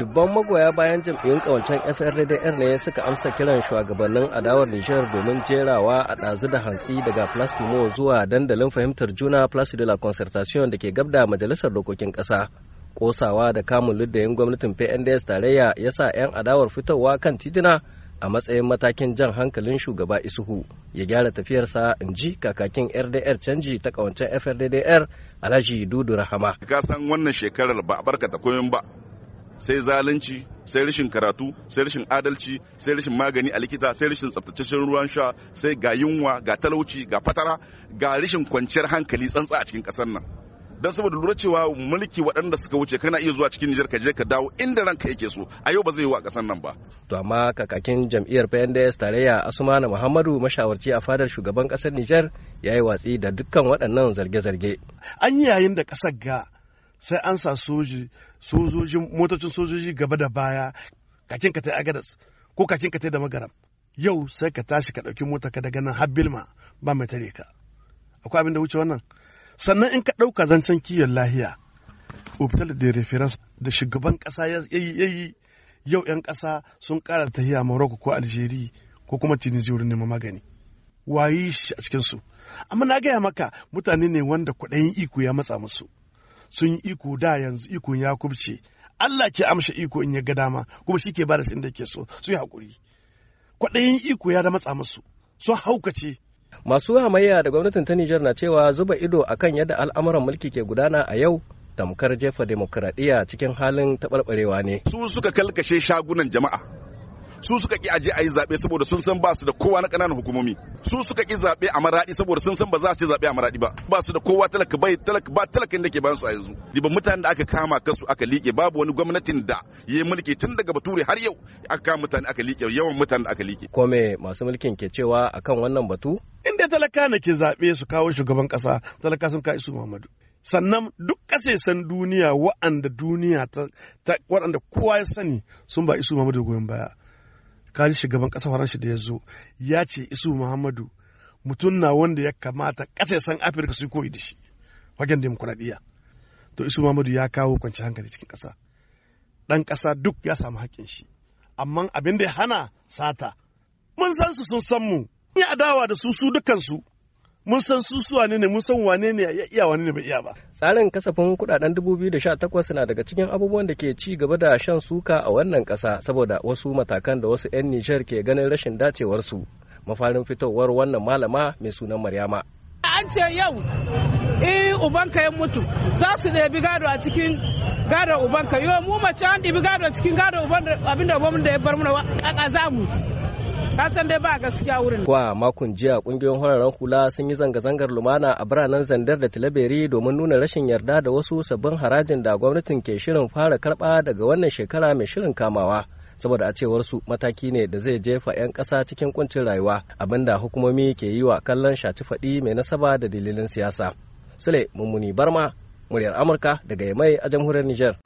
dubban magoya bayan jam'iyyun kawancen FRDR ne suka amsa kiran shugabannin adawar Nijar domin jerawa a ɗazu da hantsi daga plastimo zuwa dandalin fahimtar juna Place de la Concertation da ke gabda majalisar dokokin ƙasa. ƙosawa da kamun luddayin gwamnatin PNDS tarayya ya sa 'yan adawar fitowa kan tituna. a matsayin matakin jan hankalin shugaba isuhu ya gyara tafiyarsa in ji kakakin rdr canji ta kawancen frddr alhaji dudu rahama ka san wannan shekarar ba a barka ta koyon ba sai zalunci sai rashin karatu sai rashin adalci sai rashin magani a likita sai rashin tsaftataccen ruwan sha sai ga yunwa ga talauci ga fatara ga rashin kwanciyar hankali tsantsa a cikin ƙasar nan don saboda lura cewa mulki waɗanda suka wuce kana iya zuwa cikin Nijar ka je ka dawo inda ranka yake so a yau ba zai yi wa ƙasar nan ba to amma kakakin jam'iyyar PNDS tarayya Asmana Muhammadu mashawarci a fadar shugaban ƙasar Nijar yayi watsi da dukkan waɗannan zarge-zarge an yi yayin da ƙasar ga sai an sa soji sojojin motocin sojoji gaba da baya kakin ka ta agadas ko kakin ka ta da magaram yau sai ka tashi ka ɗauki mota ka daga nan har bilma ba mai tare ka akwai abin da wuce wannan sannan in ka ɗauka zancen kiyon lahiya hospital da referens da shugaban ƙasa ya yi yau 'yan ƙasa sun ƙara tahiya morocco ko Aljeri ko kuma tunisia wurin neman magani wayi shi a cikinsu amma na gaya maka mutane ne wanda kuɗayin iko ya matsa musu sun yi iko da yanzu ikon ya kubce Allah ke amsha iko in ya ga dama kuma shi ke bada shi inda ke so su yi haƙuri kwaɗayin iko ya da matsa musu sun haukace masu hamayya da gwamnatin ta Nijar na cewa zuba ido akan yadda al'amuran mulki ke gudana a yau tamkar jefa demokuraɗiyya cikin halin taɓarɓarewa ne su suka kalkashe shagunan jama'a su suka ki aje ayi zabe zaɓe saboda sun san ba su da kowa na ƙananan hukumomi su suka ki zaɓe a maraɗi saboda sun san ba za su ci zaɓe a maraɗi ba ba su da kowa talaka bai talaka ba talakin da ke bayan su a yanzu diba mutanen da aka kama kasu aka liƙe babu wani gwamnatin da ya mulki tun daga bature har yau aka kama mutane aka liƙe yawan mutanen da aka liƙe. kome masu mulkin ke cewa akan wannan batu. inda talaka na ke zaɓe su kawo shugaban ƙasa talaka sun kai isu muhammadu. sannan duk kasaisan duniya wa'anda duniya ta, ta waɗanda kowa ya sani sun ba isu Muhammadu goyon baya kali shugaban ƙasar faransa da ya zo ya ce isu muhammadu mutum na wanda ya kamata kasa san afirka su koyi da shi wajen demokuraɗiyya to isu muhammadu ya kawo kwanci hankali cikin ƙasa ɗan ƙasa duk ya samu haƙƙin shi amma abin da ya hana sata mun san su sun san mu ya adawa da su su dukansu mun san su su wane ne mun san wane ne ya iya wane ne bai iya ba tsarin kasafin kudaden 2018 na daga cikin abubuwan da ke ci gaba da shan suka a wannan kasa saboda wasu matakan da wasu 'yan Nijar ke ganin rashin dacewar su mafarin fitowar wannan malama mai sunan Maryama an ce yau eh ubanka ya mutu za su ɗebi gado a cikin gado ubanka yau mu mace an ɗebi gado a cikin gado uban abinda uban da ya bar mana ƙaƙa za mu ka san dai ba gaskiya wurin kwa makon jiya kungiyoyin hararen hula sun yi zanga-zangar lumana a biranen zandar da tilaberi domin nuna rashin yarda da wasu sabbin harajin da gwamnatin ke shirin fara karba daga wannan shekara mai shirin kamawa saboda a cewar su mataki ne da zai jefa 'yan ƙasa cikin kuncin rayuwa abinda hukumomi ke yi wa kallon shaci faɗi mai nasaba da dalilin siyasa sule mummuni barma muryar amurka daga yamai a jamhuriyar niger